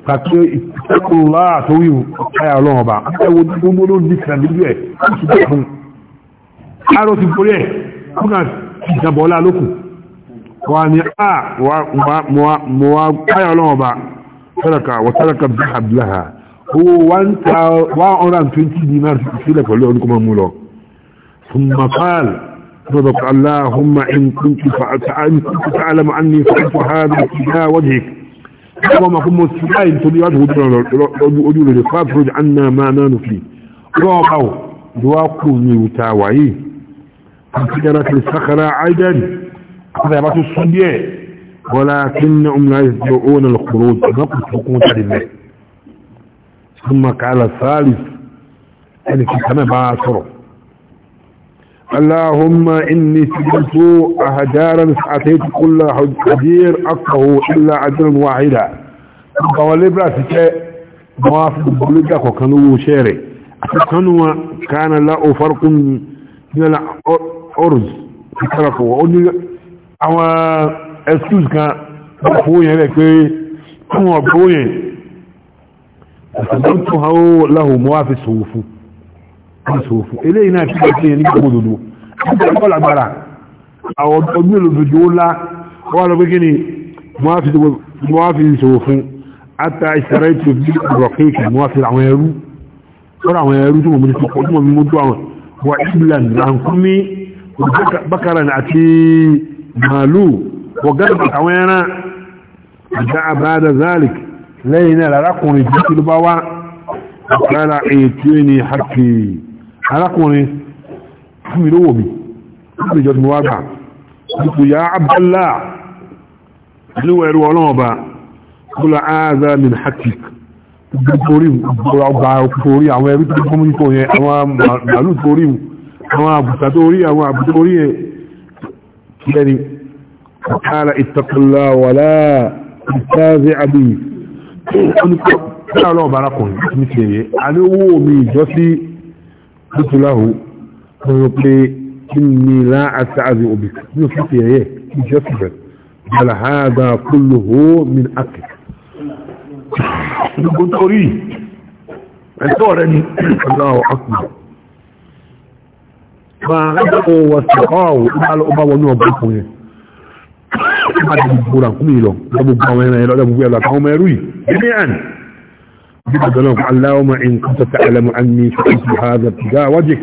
pàtó ìtẹ́kùnlá àtòwí ọ̀káyà ọlọ́run ọba ẹwọ gbogbo ló ń di sàn lójú ẹ̀ ó ti bẹ̀ fún aró ti borí ẹ̀ fún kà ìjàbọ̀ ọlá lókù wà ní à mọ̀ wá káyà ọlọ́run ọba sáraka wọ sáraka bí abdullaha o one thousand one hundred and twenty dinars sílẹ̀ pẹ̀lú ọdún kọ́mọ́ mú lọ fún mafal صدق اللهم إن كنت فعلت تعلم عني فأنت هذا إلى وجهك اللهم كن مستعين تريده أجول لفافرج عنا ما نان فيه رابعه دواقوا يتاوعي فانفجرت الصخرة عيدا أخذبت الصدية ولكنهم لا يزدعون الخروج نقص حكومة لله ثم قال الثالث يعني كما بعثروا اللهم إني سجلت أهدارا أتيت كل حجير أقه إلا عدلا واحدا قولي براسي شيء موافق بلدك وكانوا شيري كانوا كان لا فرق من الأرز ترك وأني أو أسكوز كان بفوين هلك كانوا بفوين له موافق سوفه asòfò eléyìí náà ti gbàgbé yẹn ní gbogbo òdòdó nígbà tó lágbára àwọn ọdún èlò òdòdó ńlá wọ́n lọ pé kí ni mo wá fi ṣòwò fún ata ìṣẹ̀rẹ́ tó bí ọ̀rọ̀ kéèkì mo wá fi àwọn ẹrú lọ́rọ̀ àwọn ẹrú tí mo mú ní fọ́pọ̀ wa england lankumi bakaran àti zalik lẹ́yìn náà lárakùnrin jù kí ló bá wá arákùnrin fún mi lówó mi láti ìjọ tí mo wá gbà ipò ya abdallá níwọ̀ ẹ̀rù ọlọ́ọ̀ba kúlọ̀ áàzá min hakik gbogborí ọgbà orí àwọn ẹrú tó kọ́mú nípò yẹn àwọn màálù tó rí àwọn àbùsà tó rí àwọn àbùsà tó rí yẹn lẹ́ni kàkàlà ìtàkùnlá wàlá ìtàzẹ́ àbí ọlọ́ọ̀ba قلت له قلت إني لا أستعذئ بك نفسك يا إيه جسدا بل هذا كله من أكل قلت أريه أنتورني الله أكبر فغدقوا واستقاوا إلى الأبا ونوب بكم بعد البوران كم يلون لابو بقوا هنا يلون لابو بقوا هنا كم يروي جميعا بدلوك اللهم إن كنت تعلم عني فقلت هذا ابتداء وجهك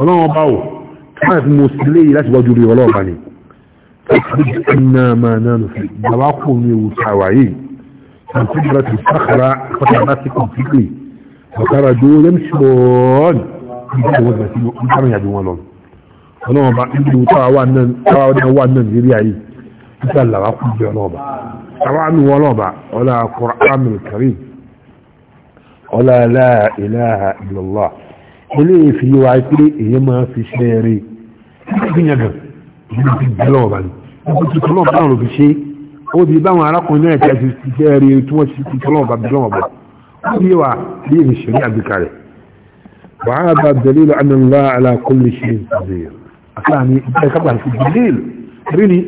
اللهم باو كانت مسلية لا تواجه لي ولو باني فاخرج عنا ما نام في دواقمي وتعوائي فانفجرت الصخرة فتعباتكم فيكي فخرجوا يمشون كانوا يعدون لهم اللهم با إنجلوا تعوانن تعوانن زريعي فسأل لغاقم بي ولوبا طبعا ولوبا ولا قرآن الكريم ọlá aláìláha ìlọ́lá ilé ìfi wa pé èyí máa fi ṣe eré gbìyànjú ìlú ti bẹ́lọ̀ ọ̀bà ni wọ́n ti tọ́lọ̀ bá wọn fi ṣe ó di báwọn arákùnrin náà ti ti ṣe eré tí wọ́n ti tọ́lọ̀ bá bẹ́lọ̀ ọ̀bà ó di wa bí èyí ṣe ní àgbékalẹ̀ wàhálà bá dalilu anàlá alákùnrin ṣe ń tàbí àkàní ìgbẹ́ kápá ti dalilu rí ni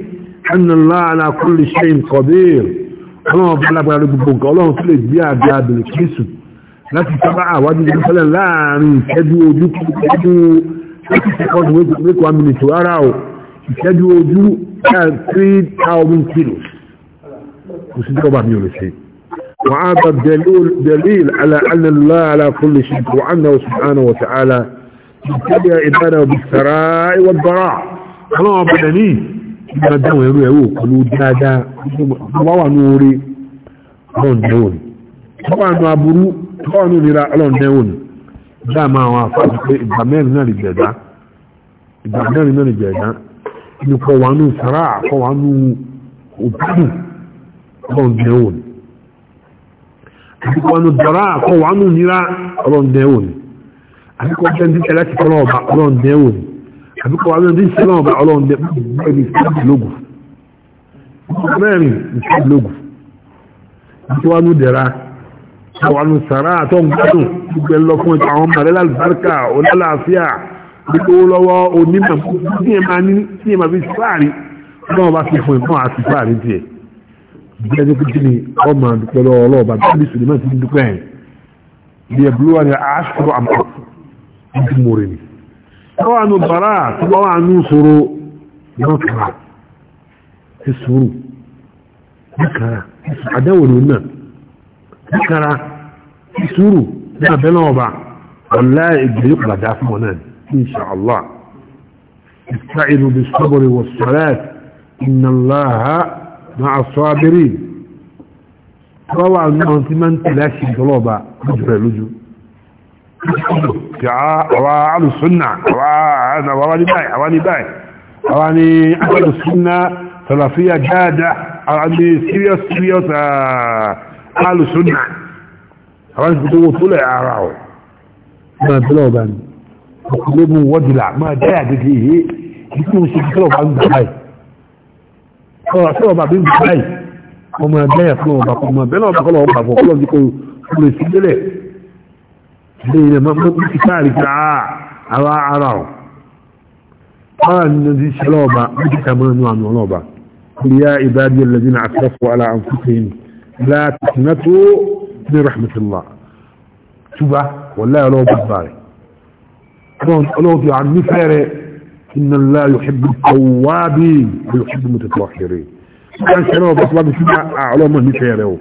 anàlá alákùnrin láti sábà àwájú ìgbésẹ̀lẹ̀ láàrin ìṣẹ́jú ojú ìṣẹ́jú láti sẹ́kọ́ndì wékò àmìnìtò ara ò ìṣẹ́jú ojú 3,000 kilos kò sí jọba mi ò lè ṣe وهذا دليل على أن الله على كل شيء وأنه سبحانه وتعالى يتبع إبانه بالسراء والبراء الله بدني إذا دعوا يروي يروي قلوا دادا الله نوري هون نوري tọ́wọ́nù aburú tọ́wọ́nù nira ọlọ́ndẹ́wòn dáàmà àwọn afáàfù pé ìgbà mẹ́rin náà lè jẹ̀dá ìgbà mẹ́rin náà lè jẹ̀dá ní kọ̀wánú sara kọ̀wánú òbúdù ọlọ́ndẹ́wòn àbíkọ̀wánú dara kọ̀wánú nira ọlọ́ndẹ́wòn àbíkọ̀wánú ní tẹ̀lé ti kọ́lọ́ ọba ọlọ́ndẹ́wòn àbíkọ̀wánú ní sẹ́lọ̀ ọba ọlọ́ndẹ́wòn mẹ́rin ìṣẹ́lógún àti wánú àwọn sàrà àtọ́ gbádùn gbogbo ẹlọ fún ẹ̀tọ́ àwọn mọ̀lẹ́lá àlùbáríkà onílàáfíà gbogbo lọ́wọ́ onímọ̀ tí ẹ máa ní tí ẹ máa fi fáàrí náà bá ti fún ìmọ̀ àti fáàrí tiẹ̀ bí ẹjọ́ pé kíni ọmọ àdúpẹ́ lọ́wọ́ ọlọ́ọ̀bà tí bí sùlẹ̀mọ́ ti ń dúpẹ́ ẹ̀ bí ẹ̀bùlúwà ni aṣọ àmọ́ ti mòrè ni lọ́wọ́ àánú bàrà tí lọ́wọ́ àánú sòro yọ kàrà ti sòrò yọ kàrà àdáwò lòun ذكر سورو ده بنوبع والله يقبل ده فمنان إن شاء الله استعينوا بالصبر والصلاة إن الله مع الصابرين روى أنهم في من تلاشي طلبة مجرى لجو وعلى السنة وعلى وراني باي باي أهل السنة ثلاثية جادة سيريوس سيريوس آه alùsùnà àwọn ìfòtò wo tó lẹ̀ ara ọ̀ máa tẹ́lẹ̀ ọ̀gá ni ọkùnrin mú wọ́dìlà máa jẹ́ àdìdì yìí kí kí wọ́n ṣe tẹ́lẹ̀ ọ̀gá ń gbà báyìí ọ̀rọ̀ tẹ́lẹ̀ ọ̀gá bí ń gbà báyìí ọmọ ẹgbẹ́ yẹn fún ọba kọmọ bẹ́ẹ̀ náà bàkọ́lọ̀ ọba kọ̀ kọ́lọ̀ dípò kúrò sí délẹ̀ لا تقنطوا من رحمة الله شوفها والله لو بالباري لو في عمي فاري إن الله يحب التوابين ويحب المتطهرين كان شنو بطلب شوفها أعلم أني فاري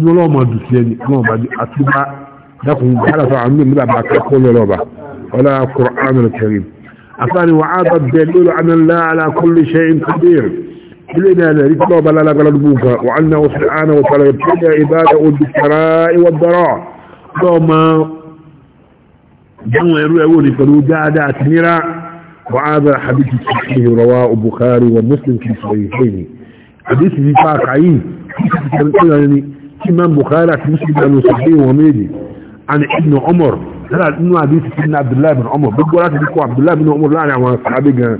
إنه لو ما دوسيني لو ما أتوبها لكم بحلف عمي مدى بعد كل لوبة ولا القرآن الكريم أثاني وعاد الدليل أن الله على كل شيء قدير إلينا ذلك الله بلا لا وعنا سبحانه وتعالى يبتدى عباده بالسراء والضراء اللهم جمع يروي فلو جاء نرى وهذا حديث صحيح رواه البخاري ومسلم في صحيحين حديث في فاقعين يعني إمام بخاري في مسلم أنه صحيح وميدي عن ابن عمر هذا ابن حديث ابن عبد الله بن عمر بقول عبد الله بن عمر لا نعم صحابي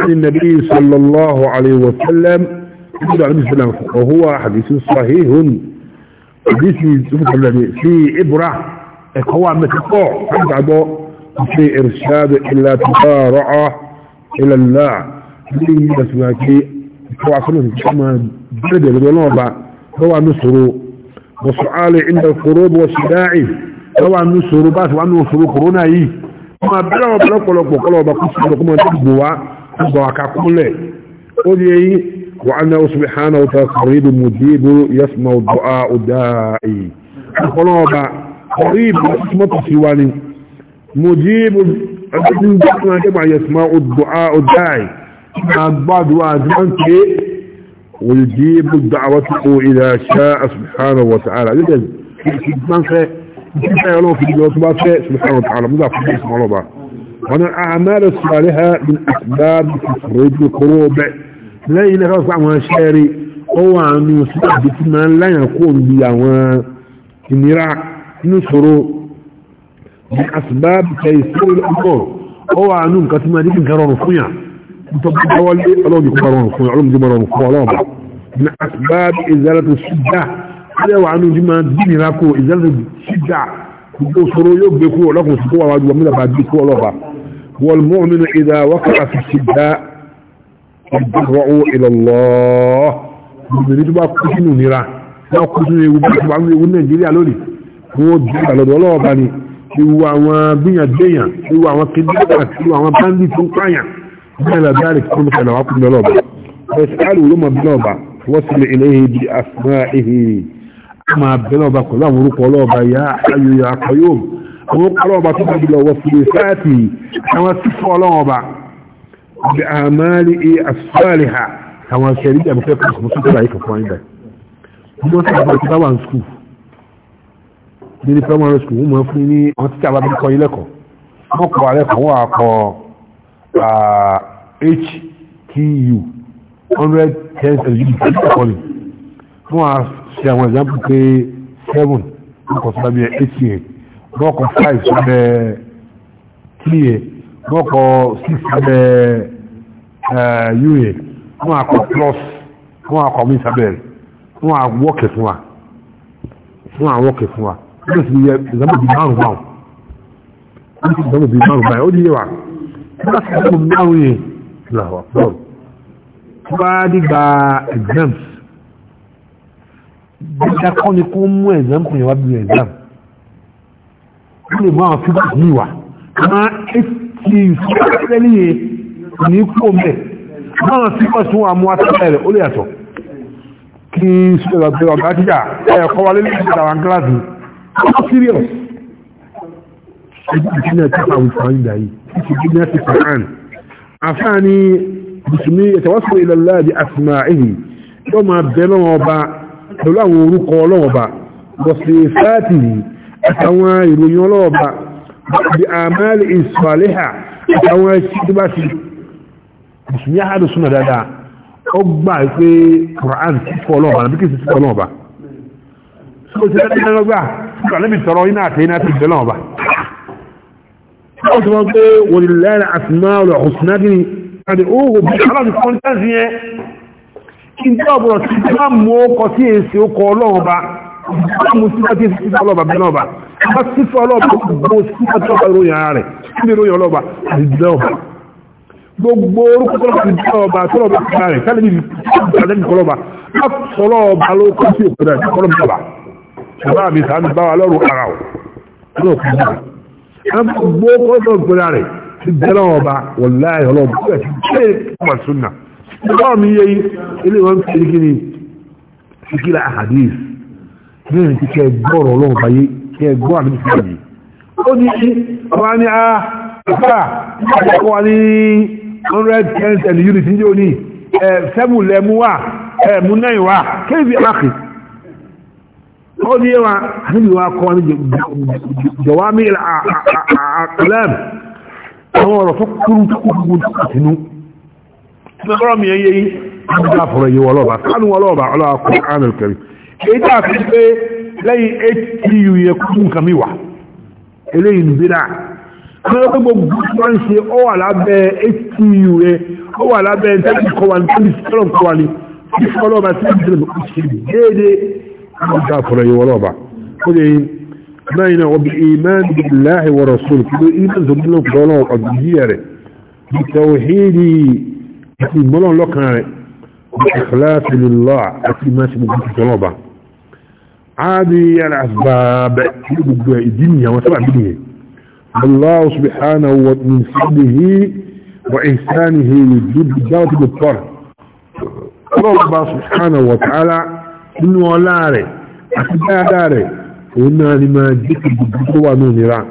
النبي صلى الله عليه وسلم عليه وهو حديث صحيح حديث في إبرة قوام متقوع في إرشاد إلا تسارع إلى الله في يسمعك وعصنا كما بلد الغلوبة هو نصر وسؤال عند القروب والشداع هو نصر بات وعنه نصر قرونه ما بلا وبلا قلوب وقلوب قصة لكم أن تبقوا وكاكولي قولي وأنه سبحانه وتعالى قريب مجيب يسمع الدعاء الداعي قلوبا قريب يسمع سواني مجيب يسمع الدعاء الداعي بعض وازمان ويجيب الدعوة إذا شاء سبحانه وتعالى لكن في الزمان سيقولون في الجوة سبحانه وتعالى مضاف في الاسم الله wọn àmàlẹ̀ sọ̀rọ̀ ha ní àbábí ìfòròjú kúrò bẹ́ lẹ́yìn náà fún àwọn ṣẹ́rí ó wà nù sí àbí tí máa ń láyàn kó bí àwọn ìnira nínú ṣòro ní àsìbábí kẹ́ ìṣòro lọ́pọ̀ ó wà nù nǹkan tí máa dínkì rọrùn fún yà nítorí wọlé ọlọ́run kò rọrùn fún yà ọlọ́run kò rọrùn fún ọlọ́run ní àsìbábí ìzálẹ́tò ṣídà ilé wà nù bí máa dínira kó ìzálẹ́tò ṣídà gbogbo ṣòro yóò gbé kúrò ọlọ́kùnrin kó wà wájú ọmọdé والمؤمن إذا وقع في الشداء يضرعوا إلى الله المؤمن يتبع كسنو نرا لا كسنو يتبع يقول نيجيريا لولي هو الدنيا لدولة وباني يقول عما بنيا الدنيا يقول عما كدرات يقول عما باندي تنقايا مثل ذلك كل مثل عقل لولوبا فاسألوا لما بلوبا وصل إليه بأسمائه أما بلوبا كلام ورق ولوبا يا حي يا قيوم àwọn kọ́lọ́ ọba tó tóbi lọ wọ sí sáàtì àwọn tó fọ́ ọlọ́wọ́ ọba bí àmàlì àsọ́ọ̀lì ha àwọn akẹ́rì bí àbúkẹ́ kọ́ ọ̀sán tó láyé kọ̀ọ̀kan ibẹ̀ wọ́n sọ àbá htu hundred ten thousand kọ́ ni wọ́n á ṣe àwọn example pé seven wọ́n kọ́ sọ́dọ̀ bí i eighty bọ́ọ̀kọ̀ 5 sábẹ́ 3 bọ́ọ̀kọ̀ 6 sábẹ́ eh, ua wọ́n àkọ́ plus wọ́n àkọ́ mi sábẹ́ rẹ̀ wọ́n àwọ́kẹ̀ fún wa wọ́n àwọ́kẹ̀ fún wa wọ́n sì yẹ ìzámọ̀ bí márùn báwọn wọ́n sì ìzámọ̀ bí márùn báyìí ó di yé wa wọ́n sì ìzámọ̀ márùn yẹn lọ́wọ́ bọ́ọ̀lù wọ́n bá dìgbà exams bí dákọ́ ni kó mú exam kò yẹ wá bí exam lè mọ́ àwọn fígbà yìí wà máa ti ìsúkẹ́ níye ní kó mẹ́ máa fígbà tún wà mú atẹ́lẹ̀ rẹ̀ ó lè yàtọ̀ kí sọ̀rọ̀ ọ̀gá tíjà ẹ̀kọ́ wa lé lẹ́yìn ìdáwọn gíláàsì ó serious ẹgbẹ́ ìpínlẹ̀ kíkà wùfà ìgbà yìí títí gígbẹ́ ti fàán àfáà ni bùsùnmí ìtawọ́sọ̀ ìlàlá di àfìmà ìhì yóò máa bẹ̀rẹ̀ wọn ọba pẹ̀lú àwọn orúkọ ọlọ́wọ́ba bọ̀sẹ̀ fáàtì yìí àtàwọn ìròyìn ọlọ́ọ̀bá bí àmàlì ìsọ̀lẹ́hà àtàwọn ẹ̀kí tó bá ti mùsùlùmí àádọ́ súnà dáadáa ó gbà pé Quran kíkọ́ ọlọ́ọ̀bá àbí kìí kíkọ́ ọlọ́ọ̀bá tó ti dáadáa lọ́gbà tó alẹ́bí kí n tẹ́ ọ̀bọ̀rọ̀ sí ti máa mú ọkọ̀ sí èsì ọkọ̀ ọlọ́ọ̀bá mu síta tí síta ọlọ́ba bẹ́ẹ̀ náà bá bá síta ọlọ́ba gbogbo síta tí ọba ìròyìn ara rẹ̀ kí ni ìròyìn ọlọ́ba àdìdì ọba gbogbo orúkọ tó ti dì ọba tó ọba ti rà rẹ̀ kálí ní ìpàdé ní kọlọ́ba á sọ̀rọ̀ ọba ló kọ́ sí òkú rẹ̀ kọ́lọ́ mi bàbá bàbá mi sàánù bá wa lọ́rùn ara ọ̀ lọ́rùn kú bàbá gbogbo orúkọ tó ti rà rẹ̀ bẹ́ẹ̀ ti kẹ́ gbọ́rọ̀ ọlọ́run báyé kẹ́ gbọ́ àdúgbò sí àyè ó ní ọba ní a ìfà ìfàkọ́ wa ní 100 cents and unit ní òní ẹ̀ sẹ́mù lẹ́mú wà ẹ̀ mú náà wà kéèfì àkì ó ní wa àdúgbò wa kọ́ ní jọwámi àkọlẹ́m àwọn ọ̀rọ̀ tó kúrú tó kúrú tó kà sínú ọ̀rọ̀ mi yẹ yẹ yí àbúrò àfọ̀rọ̀ yìí wọ́lọ́ba kánú wọ́lọ́ba ọlọ́ba kọ́ ánìlkẹrì èyí tí a fi pé lẹ́yìn htu yẹ kú nǹkan mi wà gbogbo ń ṣe wà lábẹ́ yẹ wà lábẹ́ ní ní déédé yìí ó lè náà iman عادي الأسباب الدنيا وسبع الدنيا الله سبحانه ومن فضله وإحسانه يجيب ذات الضطر الله سبحانه وتعالى من ولاره أسباباره وإنا لما جيك بالقوة نونيرا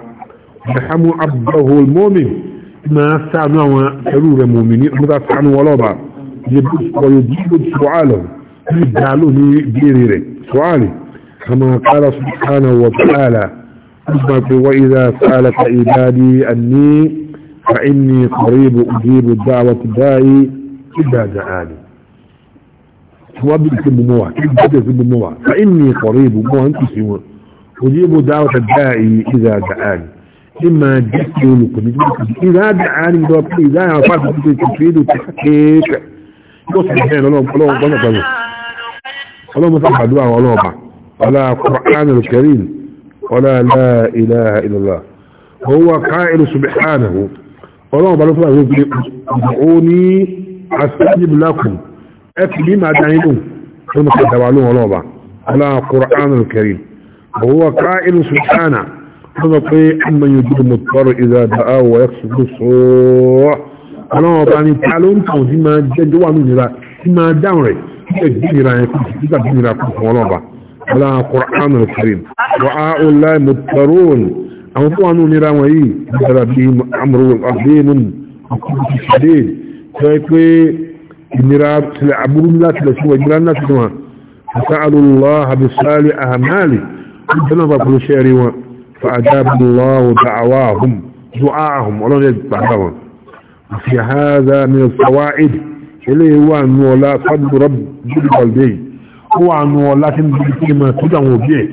ونحموا عبده المؤمن ما سعنا وحرور المؤمنين ماذا سعنا ولوبا يجيب ويجيب سؤاله يجعلوه بيريره سؤاله كما قال سبحانه وتعالى وإذا سألك عبادي أني فإني قريب أجيب الدعوة الداعي إذا دعاني وابدك بموع ابدك بموع فإني قريب موع أنت سوى أجيب دعوة الداعي إذا دعاني إما جئت لكم إذا دعاني إذا عرفت تفيد وتحقيق يوصل الحين اللهم اللهم اللهم اللهم صلح الدعاء اللهم ولا قرآن الكريم ولا لا إله إلا الله هو قائل سبحانه الله بلطبع ادعوني أستجب لكم أكلي ما دعينون ثم تدعوانون الله ولا قرآن الكريم وهو قائل سبحانه فنطيع من يجيب المضطر إذا دعاه ويكسب الصوح الله بعني تعلم تعلم ما جدوا من ذلك ما دعوني يجب إلى يكون إذا دعوني لكم الله على قرآن الكريم وعاء لا مضطرون أو طوانوا نراوهي مثلا بهم أمر عظيم شديد فيكوي نراب تلعبون الله تلسوا جران الله تلسوا فسألوا الله بصالح أعماله ربنا كل شيء فأجاب الله دعواهم دعاهم ولن يتبعهم وفي هذا من الفوائد إليه هو أنه لا فضل رب القلبين ó wà nù ọ láti ní ibi tí mo tó àwọn òbí ẹ̀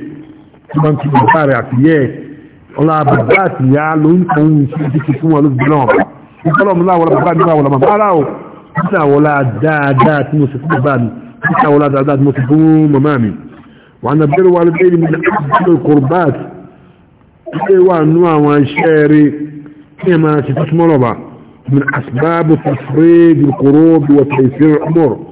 tí wọ́n ti lè bá rẹ̀ àti yẹ́ ẹ̀ ọlá bàbá àti ìyá ló ń kàn ń ṣe ti fi fún wọn lóbi náà ní kọ́lọ̀ mi láwọ̀ bàbá mi láwọ̀ bàbá rà ó níta àwọlá dáadáa tí mo sì fún bàbá mi níta àwọlá dáadáa tí mo sì fún màmá mi wà ní abẹ́rẹ́ wa wà nú àwọn iṣẹ́ rẹ̀ kí ẹ máa ṣe tó súnmọ́ lọ́ba من أسباب تفريج القروب وتيسير الأمور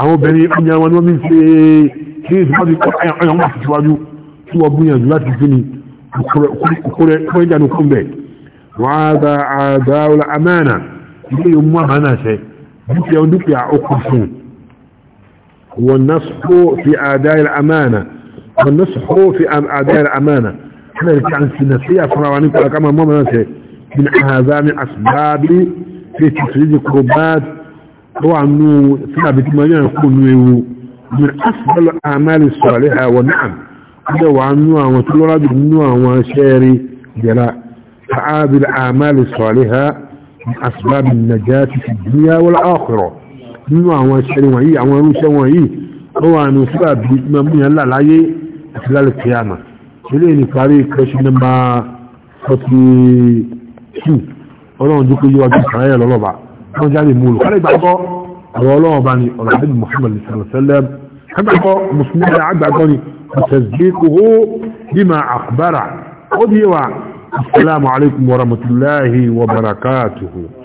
àwọn obìnrin ọjà wọn ni wọ́n fi ṣe kí ní ìsọ́jú ọ̀yàn wọ́n fi ṣíwájú tí wọ́n gbìyànjú láti fi ní kúrẹ́ ìjà nìkan bẹ̀. wọ́n á da àdá ọlá amáàna ilé yóò mú àmàna ṣe dúkìá dúkìá ọkọ̀ fún wọ́n nasxó fi àdá ilẹ̀ amáàna wọ́n nasxó fi àdá ilẹ̀ amáàna kílẹ̀ kí à ń sin nàṣíyà fúnra wa nípa kama mọ́mọ́ná ṣe bin àhàzá ní asbábi fi tìṣíjì kúrò báyìí هو أنه ثابت ما يكون ويو من أفضل الأعمال الصالحة ونعم هذا وعنوها وتلورا بعنوها وشاري جلاء فعاب الأعمال الصالحة من أسباب النجاة في الدنيا والآخرة عنوها وشاري وهي عنوها وهي هو أنه سبب بإمامنها الله العي خلال القيامة إليه فريق كشي نمبر 42 ọlọ́run jí kó yíwájú kàáyẹ̀ lọ́lọ́bàá أحمد جعلي مولو خلي بعضو أغالوه باني رحيم محمد صلى الله عليه وسلم خلي بعضو مسلمين عبد عضاني وتزديقه بما أخبره قد يوع السلام عليكم ورحمة الله وبركاته